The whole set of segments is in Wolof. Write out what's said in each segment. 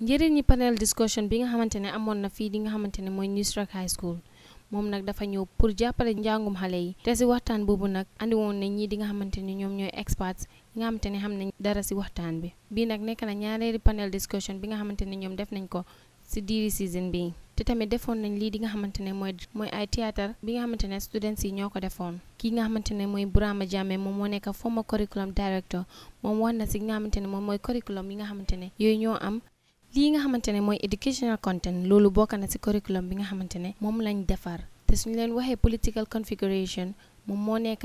njëriñi panel discussion bi nga xamante ne amoon na fii di nga xamante ne mooy Newsrock High School moom nag dafa ñëw pour jàppale njàngum xale yi te si waxtaan boobu nag andi woon na ñii di nga xamante ne ñoom ñooy experts yi xamante ne xam nañ dara si waxtaan bi bii nag nekk na ñaareeli panel discussion bi nga xamante ne ñoom def nañ ko si diiri season bi te tamit defoon nañ lii di nga xamante ne mooy mooy ay théâtre bi nga xamante ne students yi ñoo ko defoon kii nga xamante ne mooy Burama Jammeh moom moo nekk former curriculum director moom na xamante ne moom mooy curriculum nga xamante ne yooyu ñoo am lii nga xamante ne mooy educational content loolu bokk na ci curriculum bi nga xamante ne moom lañ defar te suñu leen waxee political configuration moom moo nekk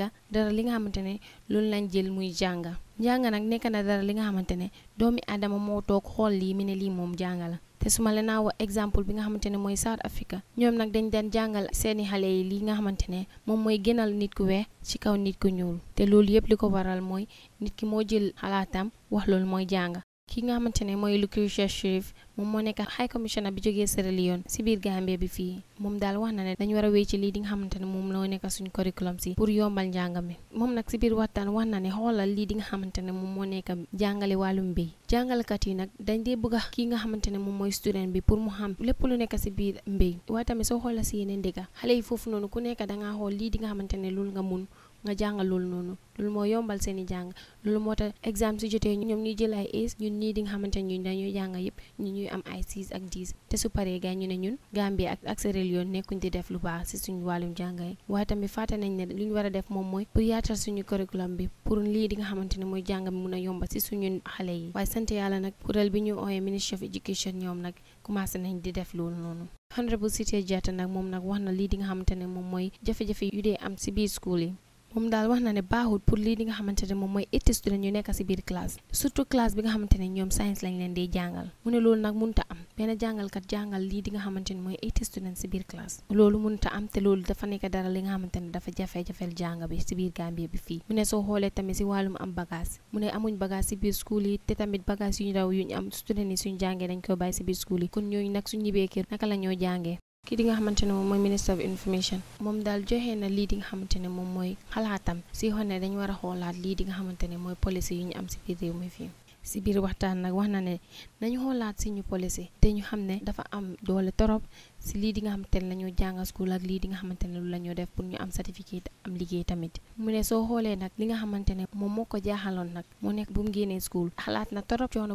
li nga xamante ne loolu lañ jël muy jànga jànga nag nekk na dara li nga xamante ne doomi aadama moo toog xool lii mi ne lii moom jànga te su ma leen naa exemple bi nga xamante ne mooy South Africa ñoom nag dañ daan jàngal seeni xale yi lii nga xamante ne moom mooy gënal nit ku weex ci kaw nit ku ñuul te loolu yëpp li ko waral mooy nit ki moo jël xalaatam wax loolu mooy jànga ki nga xamante ne mooy Loukoucha Sheriff moom moo nekk high commissioner bi jógee Sierra Leone si biir Gambia bi fii moom daal wax na ne dañu war a wéy ci lii di nga xamante ne moom loo nekk suñ curriculum si pour yombal njàng mi moom nag si biir waxtaan wax na ne xoolal lii di nga xamante ne moom moo nekk jàngale wàllum mbéy jàngalekat yi nag dañ dee bëgg a ki nga xamante ne moom mooy student bi pour mu xam lépp lu nekk si biir mbéy waaye tamit soo xoola si yeneen dëkka xale yi foofu noonu ku nekk dangaa xool lii di nga xamante ne loolu nga mun nga jàngal loolu noonu loolu moo yombal seen i jàng loolu moo tax examen su jotee ñoom ñuy jël ay A's ñun ñii di nga xamante ne ñun dañuy jàng yëpp ñu am ay 6 ak 10 te su paree gaay ñu ne ñun Gambie ak ak Sierra Leone nekkuñ di def lu baax si suñu wàllum jàng yi waaye tamit fàtte nañ ne lu war a def moom mooy pour yaatal suñu curriculum bi pour lii di nga xamante ne mooy jàng mun a yomba si suñu xale yi waaye sant yàlla nag kuréel bi ñu ooyee Ministry of Education ñoom nag commencé nañ di def loolu noonu Honorable Sitye Jatta nag moom nag wax na lii di nga xamante ne moom mooy jafe-jafe am si biir school yi moom daal wax na ne baaxul pour lii di nga xamante ne moom mooy eighty student yu nekk si biir classe surtout classe bi nga xamante ne ñoom science lañ leen dee jàngal mu ne loolu nag munta am benn jàngalkat jàngal lii di nga xamante ne mooy eighty student si biir classe loolu munta am te loolu dafa nekk dara li nga xamante ne dafa jafe-jafeel jàng bi si biir Gambie bi fii mu ne soo xoolee tamit si wàllum am bagage mu ne amuñ bagage si biir school yi te tamit bagage yu raw yu ñu am student yi suñu jàngee dañ koy bàyyi si biir school yi kon ñooñu nag suñ ñibbee kër la ñoo jàngee kii di nga xamante ne moom mooy minister of information moom daal joxe na lii di xamante ne moom mooy xalaatam si xone dañ war a xoolaat lii di nga xamante ne mooy policy yu ñu am si biir réew mi fii si biir waxtaan nag wax na ne nañu xoolaat si ñu policy te ñu xam ne dafa am doole torop si lii di nga xamante ne la ñoo jàng school ak lii di nga xamante ne lu la ñoo def pour ñu am certificate am liggéey tamit mu ne soo xoolee nag li nga xamante ne moom moo ko jaaxaloon nag moo nekk bu mu génnee school xalaat na torop coono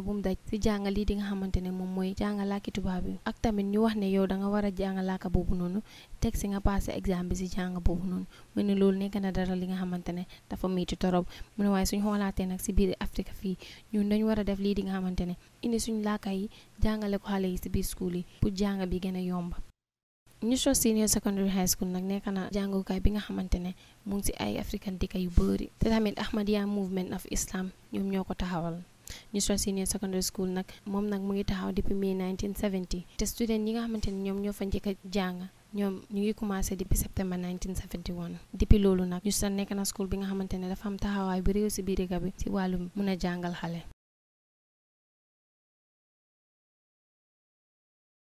si jàng lii di nga xamante ne moom mooy jàng làkki tubaab bi ak tamit ñu wax ne yow danga nga war a jàng làkka boobu noonu teg si nga passé exemple bi si jàng boobu noonu mu ne loolu nekk na dara li nga xamante ne dafa miiti torop mu ne waaye suñ xoolaatee nag si biir i Afrique fii ñun dañu war a def lii di nga xamante ne indi suñu laaka yi jàngale ko xale yi ci biir school yi pour jàng bi gën a yomba ñu soo senior secondary high school nag nekk na jàngukaay bi nga xamante ne mu ngi ci ay african dëkk yu bëri te tamit Ahmadiyya ñoom ñoo ko taxawal ñu soo senior secondary school nag moom nag mu ngi taxaw depuis mai 1970 te student ñi nga xamante ne ñoom ñoo fa njëkk jàng ñoom ñu ngi commencé depuis septembre 1971 depuis loolu nag ñu sa nekk na school bi nga xamante ne dafa am taxawaay bu réew ci biir dëkk bi ci wàllum mun a jàngal xale